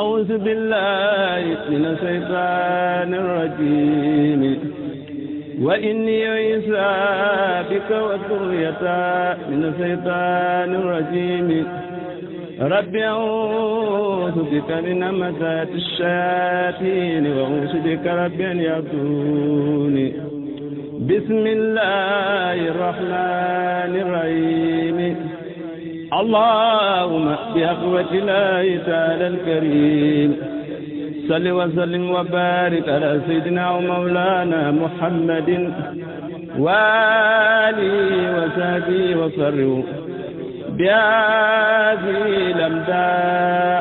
أعوذ بالله من الشيطان الرجيم وإني عيسى بك وذرية من الشيطان الرجيم رب أعوذ بك من همزات الشياطين وأعوذ بك رب أن يعصوني بسم الله الرحمن الرحيم اللهم بأخوة الله تعالى الكريم صل وسلم وبارك على سيدنا ومولانا محمد وآله وصحبه وسلم بهذه الأمداء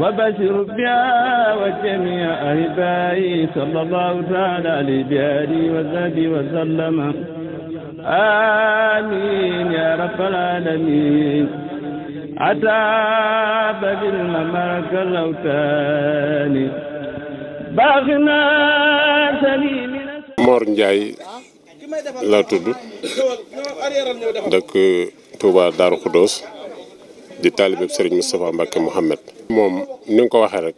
وبشر بها وجميع أحبائي صلى الله تعالى عليه بآله وصحبه وسلم آمين يا رب العالمين عتاب بالمملكة الأوتاني باغنا سليم Mor Ndiaye laa tudd dëkk Touba Darou Khoudoss di taalibe Serigne Moustapha Mbacke Mouhamed. moom ni nga ko waxee rek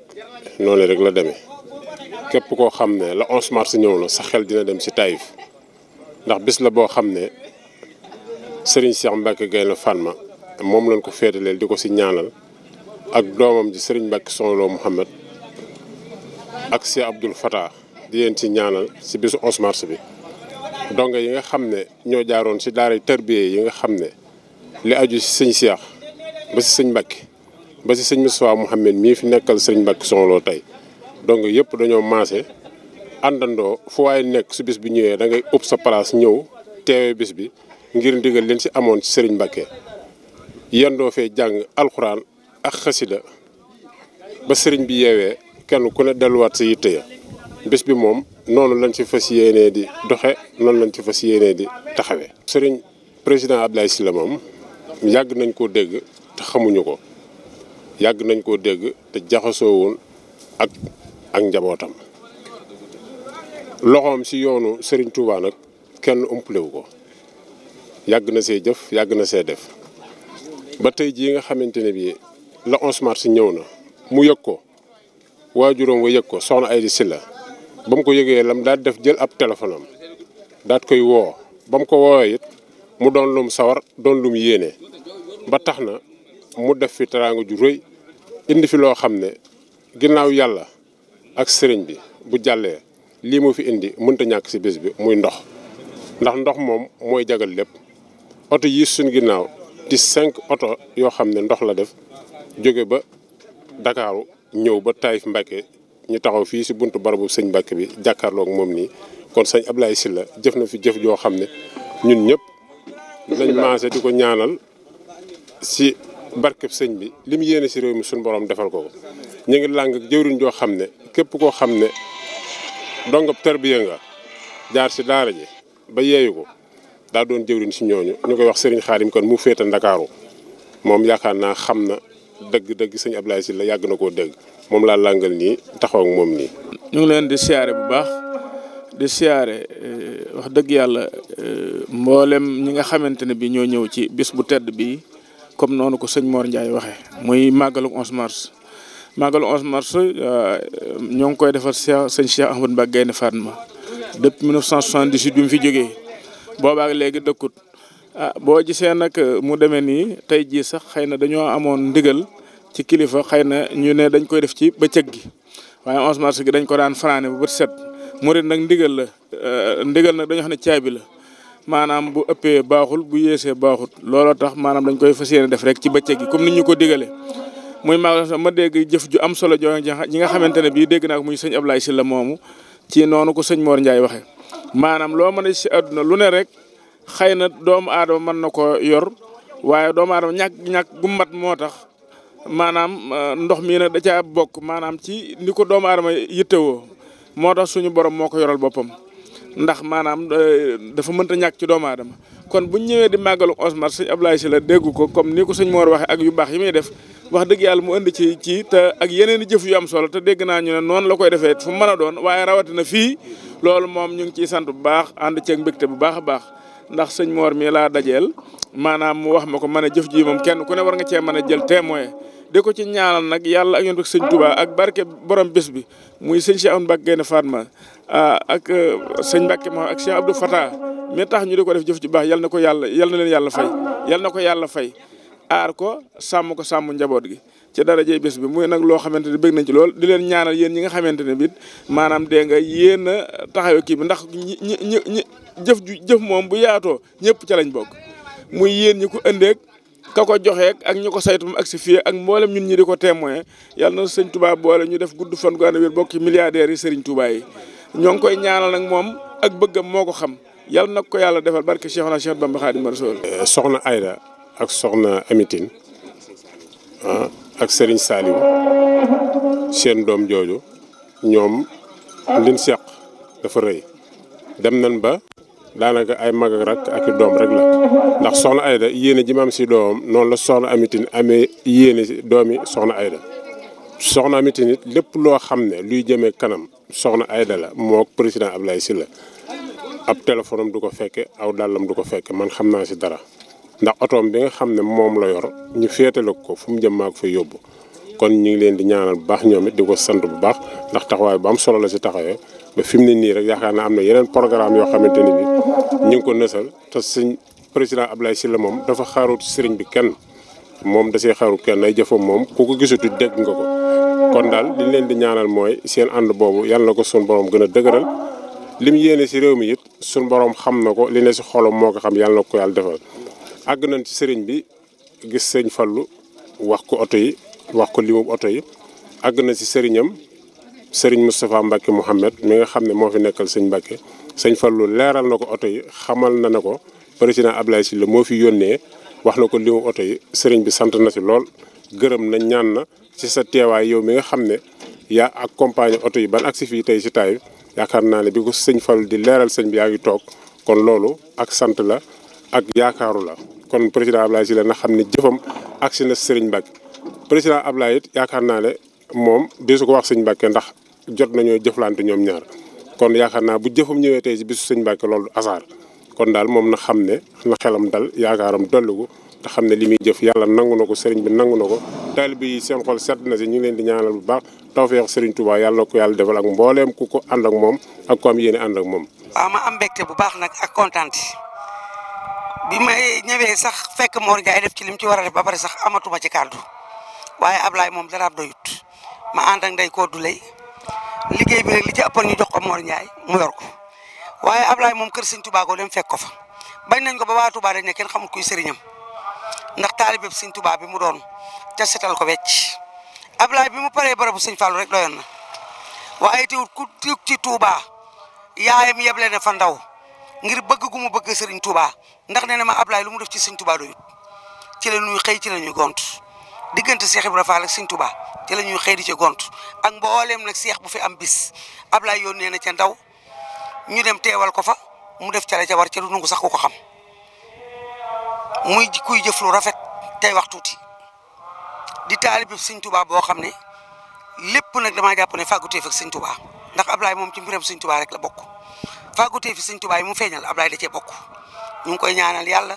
noonu rek la demee képp koo xam ne la 11 mars ñëw na sa xel dina dem si Taïf. ndax bis la boo xam ne Serigne Cheikh Mbacke Gaïndé Fatma moom lañ ko féetaleel di ko si ñaanal ak doomam ji sëriñ Mbacke Soxna Lo Mouhamed ak Cheikh Abdoul Fatah di leen ci ñaanal si bisu 11 bi. donc yi nga xam ne ñoo jaaroon si daaray tarbiye yi nga xam ne li aju si sëñ Cheikh ba si sëñ Mbacke ba si sëñ Moustapha Mouhamed mii fi nekkal Serigne Mbacke Soxna tey donc yëpp dañoo maase. àndandoo fu waaye nekk su bis bi ñëwee da ngay ëpp sa place ñëw teewee bis bi ngir ndigal leen si amoon ci sëriñ Mbacke yendoo fee jàng alxuraan ak xasida ba sëriñ bi yeewee kenn ku ne delluwaat sa yitte ya bis bi moom noonu lañ ci fas yéenee di doxe noonu lañ ci fas yéenee di taxawee. sëriñ président Abdoulaye Sylla moom yàgg nañ koo dégg te xamuñu ko yàgg nañ koo dégg te jaxasoo woon ak ak njabootam. loxoom si yoonu Serigne Touba nag kenn umpale wu ko yàgg na see jëf yàgg na see def ba tey jii nga xamante ne bii le 11 ñëw na mu yëg ko waajuróom wa yëg ko soxna Aydi Silla ba mu ko yëgee lam daal def jël ab téléphone am daat koy woo ba mu ko woowee mu doon lum sawar doon lum yéene ba tax na mu def fi teraanga ju rëy indi fi loo xam ne ginnaaw yàlla ak sëriñ bi bu jàllee. lii mu fi indi mënta ñàkk si bés bi muy ndox ndax ndox moom mooy jagal lépp oto yi suñ ginnaaw di cinq oto yoo xam ne ndox la def jóge ba Dakaaru ñëw ba Taïf Mbacke ñu taxaw fii si buntu barabu sëñ Mbacke bi jàkkaarlook moom nii kon sëñ Ablaye Sylla jëf na fi jëf joo xam ne ñun ñëpp lañ maase di ko ñaanal si barkeb sëñ bi lim mu yéene si réew mi suñ borom defal ko ko ñu ngi làng jëwriñ joo xam ne képp koo xam ne dongob tarbiya nga jaar si daara ji ba yeeyu ko daa doon jëwriñ si ñooñu ñu koy wax sëriñ Serigne Xaadim kon mu féete Ndakaaru moom yaakaar naa xam na dëgg-dëgg sëñ si la yàgg na koo dëgg moom laa làngal nii taxaw moom nii. ñu ngi leen di siyaare bu baax di siyaare eh, wax dëgg yàlla eh, mboolem ñi nga xamante ne bi ñoo ñëw ci bis bu tedd bi comme noonu ko sëñ Mor Ndiaye waxee muy màggalu 11 mars. màggal 11 mars euh, ñoo ngi koy defar Cheikh sëñ Cheikh Ahmadou Mbacké Gaïndé Fatma depuis 1978 bi mu fi jógee boobaak léegi dëkkut ah boo gisee nag euh, mu demee nii tey jii sax xëy na dañoo amoon ndigal ci kilifa xëy na ñu ne dañ koy def ci bëccëg gi waaye 11 mars gi dañ ko daan faraane bu bët set murit nag ndigal la euh, ndigal nag dañoo xam ne caabi la maanaam bu ëppee baaxul bu yéesee baaxul looloo tax maanaam dañ koy fas yéene def rek ci bëccëg gi comme ni ñu ko digalee. mooy muy magal ma dégg jëf ju am solo joo ñi nga xamante ne bii dégg naa ko muy sëñ Ablaye Sylla moomu ci noonu ko sëñ moor Ndiaye waxee maanaam loo mën si àdduna lu ne rek xëy na doomu aadama mën na ko yor waaye doomu aadama ñàkk ñàkk mat moo tax maanaam euh, ndox mii nag da caa bokk maanaam ci ni ko doomu aadama yittewoo moo tax suñu borom moo ko yoral boppam ndax maanaam euh, dafa mën ta ñàkk ci doomu aadama kon bu ñëwee di màggalu os marché sëñ Abdoulaye Sylla dégg ko comme ni ko sëñ Mor waxee ak yu baax yi muy def wax dëgg yàlla mu ënd ci ci te ak yeneen i jëf yu am solo te dégg naa ñu ne noonu la koy defee fu mu mën a doon waaye rawatina fii loolu moom ñu ngi ciy sant bu baax ànd ceeg mbégte bu baax a baax ndax sëñ moor mi laa dajeel maanaam mu wax ma ko mën a jëf ji moom kenn ku ne war nga cee mën a jël témoin de ko ci ñaanal nag yàlla ak yonent ak sëñ Touba ak barke boroom bés bi muy sëñ Cheikh Ahmadou Mbacké Gaïndé Fatma ah, ak euh, sëñ Mbacké ma ak Cheikh Abdou Fatah mais tax ñu de ko def jëf ci baax yal na ko yàlla yal leen yàlla fay yal na ko yàlla fay aar ko sàmm ko sàmm njaboot gi ci darajey bés bi muy nag loo xamante ne bëgg nañ ci lool di leen ñaanal yéen ñi nga xamante ne bit maanaam dee nga yéen a taxawee kii bi ndax ñi ñi jëf ju jëf moom bu yaatoo ñëpp ca lañ bokk muy yéen ñi ko ëndeek ka ko joxeek ak ñu ko saytum ak si fii ak mboolem ñun ñi di ko témoin yàlla na sëñ Touba boole ñu def gudd fan gu ànd wér bokki milliardaires yi sëriñ Touba yi ñoo ngi koy ñaanal nag moom ak bëggam moo ko xam yàlla nag ko yàlla defal barke Cheikhuna Cheikh Bamba Khadimu Rasul eh, soxna Ayda ak soxna Amitine ah ak Serigne Saliou seen doom jooju ñoom liñ seq dafa rëy dem nañ ba daanaka ay mag ak rak ak doom rek la ndax soxna Ayda yéene ji si doom noonu la soxna amitin amee yéene doomi soxna Ayda soxna amitin it lépp loo xam ne luy jëmee kanam soxna Ayda la mook président si la ab téléphone du ko fekke aw dàllam du ko fekke man xam naa si dara ndax otoom bi nga xam ne moom la yor ñu féetale ko fu mu jëm maa ko fa yóbbu kon ñu ngi leen di ñaanal bu baax ñoom it di ko sant bu baax ndax tax taxawaay bu am solo la si taxawee ba fi mu ne nii rek yaakaar naa am na yeneen programme yoo xamante ne bi ñu ngi ko nësal te sëñ président si la moom dafa xaarut sëriñ bi kenn moom da see xaarut kenn ay jëfam moom ku ko gisatu dégg nga ko kon daal li leen di ñaanal mooy seen ànd boobu yàlla na ko suñu borom gën a dëgëral lim yéene si réew mi it suñ borom xam na ko li ne si xolam moo ko xam yàlla na ko yàlla defal àgg nañ ci sëriñ bi gis sëñ Fallu wax ko oto yi wax ko limub oto yi àgg na ci sëriñam sëriñ Moustapha Mbacke Mouhamed mi nga xam ne moo fi nekkal sëñ Mbacke sëñ fal lu leeral na ko oto yi xamal na na ko président Ablaye Sylla moo fi yónnee wax na ko limu oto yi sëriñ bi sant na ci lool gërëm na ñaan na ci sa teewaay yow mi nga xam ne yaa accompagné oto yi ban agsi tey ci taay yaakaar naa ne bi ko sëñ Fallou di leeral sëñ bi yaa ngi toog kon loolu ak sant la ak yaakaaru la kon président Ablaye Sylla na xam ne jëfam agsi na sëriñ Mbacke président Ablaye it yaakaar naa ne moom di ko wax sëñ Mbàkke ndax jot nañoo jëflante ñoom ñaar kon yaakaar naa bu jëfam ñëwee tey si bisu sëñ Mbàkke loolu asaar kon daal moom na xam ne na xelam dal yaakaaram dolligu te xam ne li muy jëf yalla nangu na ko sëriñ bi nangu na ko taalibe yi seen xol sedd na si ñu ngi leen di ñaanal bu baax tawfeex sëriñ Touba yàlla na ko yàlla defal ak mbooleem ku ko ànd moom ak ko am yéene ànd moom. waaw ma am mbégte bu baax nag ak kontaan bi may ñëwee sax fekk Mor Ndiaye def ba pare sax amatuma ci kàddu. waaye Ablaye moom daraab doyut ma ànd ak ndey Kodou Lay liggéey bi nag li ci ëppoon ñu jox ko Mor Ndiaye mu yor ko waaye Ablaye moom kër Sëñ Touba ko dem fekk ko fa bañ nañ ko ba waa Touba dañ ne kenn xamul kuy sëriñam ndax taalibe Sëñ Touba bi mu doon te setal ko wecc Ablaye bi mu paree barabu Sëñ Fallou rek doyoon na waaye teewut ku tuk ci Touba yaayam yeble na fa ndaw ngir bëgg gu mu bëgg Sëriñ Touba ndax nee na ma Ablaye lu mu def ci Sëñ Touba doyut ci la ñuy xëy ci la ñuy gont diggante Cheikh Ibra Fall ak Sëñ Touba ci la ñuy xëy di ci gont ak mbooleem nag seex bu fi am bis ablaay yónnee na ca ndaw ñu dem teewal ko fa mu def ca la ca war ca du nangu sax ku ko xam muy kuy jëf lu rafet te wax tuuti di taalibe Sëñ Touba boo xam ne lépp nag damaa jàpp ne fàgguteef ak Sëñ ndax ablaay moom ci mbiram Sëñ Touba rek la bokk fàgguteef Sëñ Touba yi mu feeñal Ablaye da cee bokk ñu ngi koy ñaanal yàlla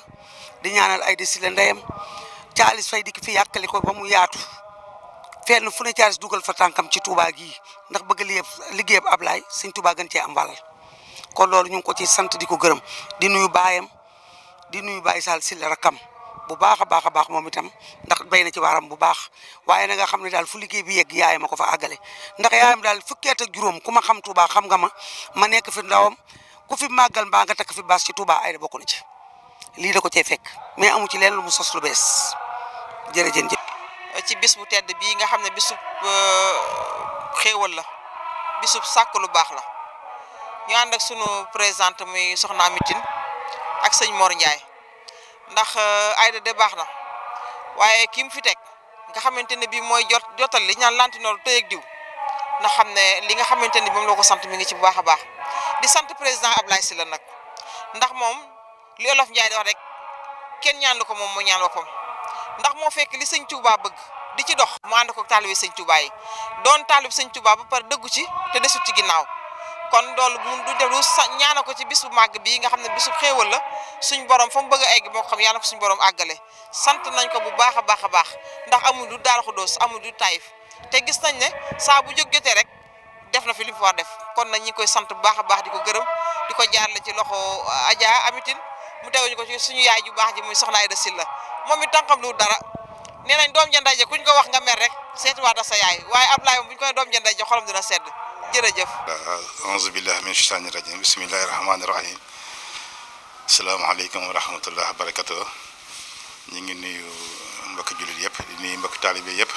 di ñaanal ay di si Thialis Faye dikk fi yàqali ko ba mu yaatu fenn fu ne dugal fa tànkam ci Touba gii ndax bëgg liggéey liggéeyab Ablaye sëñ Touba gën cee am wàll kon loolu ñu ngi ko ci sant di ko gërëm di nuyu baayam di nuyu baay sal si la rakam bu baax a baax a baax moom itam ndax béy na ci waaram bu baax waaye na nga xam ne daal fu liggéey bi yegg yaayam a ko fa àggale ndax yaayam daal fukkeet ak juróom ku ma xam Touba xam nga ma ma nekk fi ndawam ku fi màggal mbaa nga takk fi baas ci tubaa ay bokk na ci lii da ko cee fekk mais amu ci leen lu mu sos lu bees jërëjën jëf ci bis bu tedd bii nga xam ne bisub euh, xéewal la bisub sàkk lu baax la ñu ànd suñu sunu présidente muy soxna Mitine ak sëñ Mor Ndiaye ndax euh, Aïda de baax na waaye ki mu fi teg nga xamante ne bii mooy jot jotal li ñaan lantinoor tey ak diw na xam ne li nga xamante ne bi moom la ko sant mi ngi ci bu baax a baax di sant président Ablaye Sylla nag ndax moom li olof Njaay di wax rek kenn ñaan ko moom mu ñaan boppam ndax moo fekk li sëñ Touba bëgg ci dox mu ànd ko taalibe sëñ Touba yi doon taalibe sëñ Touba ba pare dëggu ci te desut ci ginnaaw kon loolu mun du def lu sa ñaana ko ci bisu màgg bii nga xam ne bisu xéewal la suñ borom fa mu bëgg a egg moo xam yàlla ko suñ borom àggale sant nañ ko bu baax a baax a baax ndax amul du Daaru Xudoos amul du Taïf te gis nañ ne saa bu jóg rek def na fi li mu war def kon nag ñi ngi koy sant bu baax a baax di ko gërëm mu teewuñu ko ci suñu yaay ju baax ji muy soxna Aida la moom it tànkam lu dara nee nañ doom ja ndey ku kuñ ko wax nga mer rek seetiwaata sa yaay waaye Ablaye moom buñ ko nee doom ja ndey ja xolam dina sedd jërëjëf aouzu billahi min shaytaani rajim bismillahi rahmaani rahim asalaamaaleykum wa rahmatullah wa ñu ngi nuyu mbokki jullit yëpp di nuyu mbokki taalibe yëpp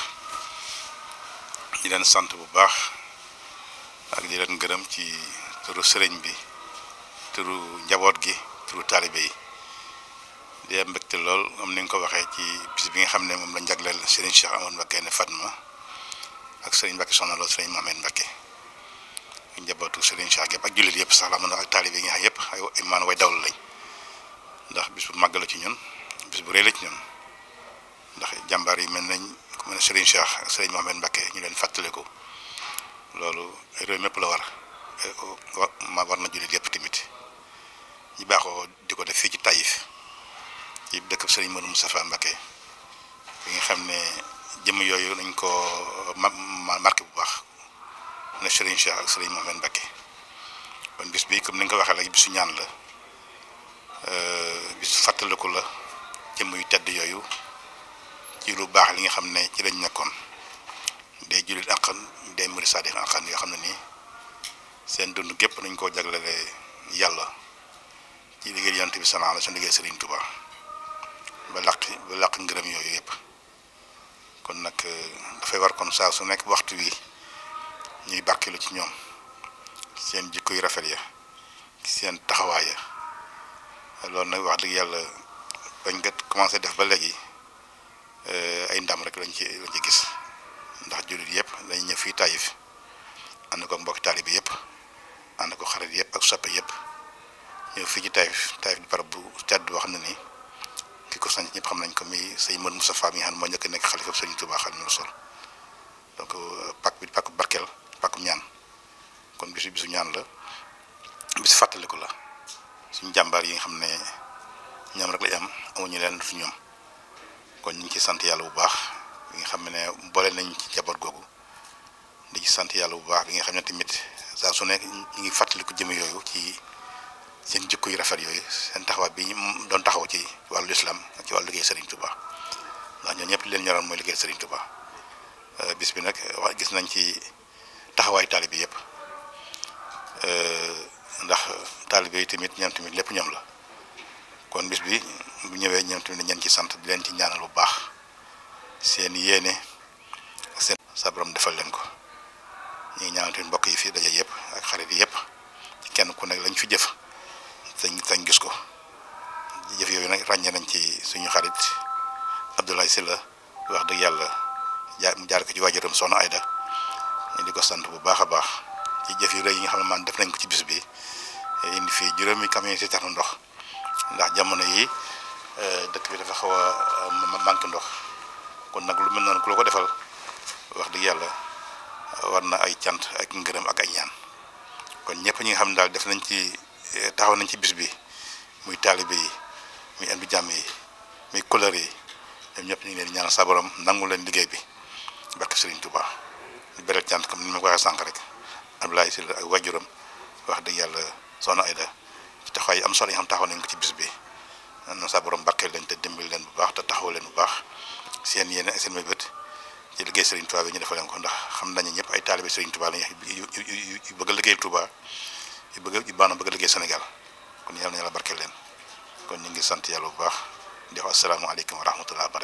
di leen sant bu baax ak di leen gërëm ci turu sëriñ bi turu njaboot gi turu taalibe yi di am mbégte lool am ni nga ko waxee ci bis bi nga xam ne moom la njagleel sëriñ Cheikh Amadou Mbacké ne Fatma ak sëriñ Mbacké soxna lool sëriñ Mohamed Mbacké ak njabootu sëriñ Cheikh yëpp ak jullit yëpp sax la ak taalibe yi nga xam yëpp ndax bis bu la ci ñun bis jàmbaar yi mel nañ ku mel ne sëriñ Cheikh ak ñu leen fàttaliku la war na jullit yëpp tamit. yi baaxoo di ko def fii ci Taïf ci dëkk Serigne Modou Moustapha Mbacké bi nga xam ne jëmm yooyu dañ ko marqué bu baax ne Serigne Cheikh ak Serigne Mohamed Mbacké kon bis bi comme ni nga ko waxee rek bisu ñaan la euh, bisu fàttaliku la jëmm yu tedd yooyu ci lu baax li nga xam ne ci lañ nekkoon day jullit àqan day murid saadiq àqan yoo xam ne nii seen dund gépp nañ koo jaglale yàlla ci liggéey yonent bi sallallahu alayhi wasallam liggéey Serigne Touba ba laq ba laq ngërëm yooyu yëpp kon nag euh, dafay war kon saa su nekk waxtu wi ñuy bàkkilu ci ñoom seen jikko yu rafet ya seen taxawaay ya loolu nag wax dëgg yàlla bañ nga commencé def ba léegi euh, ay ndam rek lañ ci ci gis ndax jullit yëpp dañ ñëw fii Taïf ànd ko mbokki taalibe yëpp ànd ko xarit yëpp ak soppe yëpp. ñëw fii ci Taïf Taïf di barab bu jàdd boo xam ne nii ki ko sanc ñëpp xam nañ ko muy sëñ Mën Moustapha mi nga xam ne njëkk nekk xalifa sëñ Tuubaa Xaadimu Rasuul donc euh, pàkk bi pàkk barkeel pàkk ñaan kon bisu bisu ñaan la bisu fàttaliku la suñu jàmbaar yi nga xam ne ñoom rek lañ am amuñu leen ñoom kon ñu ngi ciy sant yàlla bu baax bi xam ne boole nañ ci njaboot googu di ci sant yàlla bu baax bi nga xam ne tamit su nekk ñu ngi fàttaliku jëme yooyu ci. seen jikko yu rafet yooyu seen taxawaay bi mu doon taxawu ci wàllu islam ak ci wàllu liggéey Serigne Touba ndax ñoo ñëpp li leen ñoroon mooy liggéey Serigne Touba euh, bis bi nag wax gis nañ ci taxawaay taalibe yëpp euh, ndax taalibe tamit ñoom tamit lépp ñoom la kon bis bi bu ñëwee ñoom tamit ñeen ci sant di leen ci ñaanal bu baax seen yéene ak seen sabram defal leen ko ñu ngi ñaanal tamit mbokk yi fii daje yëpp ak xarit yi yëpp kenn ku nekk lañ fi jëf. sañ sañ gis ko jëf yooyu nag ràññee nañ ci suñu xarit Abdoulaye Sylla wax dëgg yàlla jaar jaar ko ci waajuram soxna Ayda ñu di ko sant bu baax a baax ci jëf yi rek yi nga xam ne man def nañ ko ci bis bi indi fii juróomi camion si tax na ndox ndax jamono yi euh, dëkk bi dafa xaw a euh, manqué ndox kon nag lu mel noonu ku la ko defal wax dëgg yàlla war na ay cant ak ngërëm ak ay ñaan kon ñëpp ñi xam daal def nañ ci. Eh, taxaw nañ ci bis bi muy taalibe yi muy am bi jàmm yi muy couleur yi ñoom ñëpp ñu ngi leen di ñaanal nangu leen liggéey bi barke Serigne Touba ñu beral cant comme ni ma ko waxee sànq rek Abdoulaye Sylla ak wajuram wax dëgg yàlla soxna Aida ci taxawaay am solo yi xam nañ ko ci bis bi na sa borom barkeel leen te dimbali leen bu baax te taxaw leen bu baax seen yéene ak seen mébét ci liggéey Serigne Touba bi ñu defal leen ko ndax xam nañu ñëpp ay taalibe Serigne Touba lañu yu bëgg liggéey Touba yu bëgg yu baax na liggéey Sénégal kon yàlla na yàlla barkeel leen kon ñu ngi sant yàlla bu baax di wax asalaamualeykum wa rahmatulah wa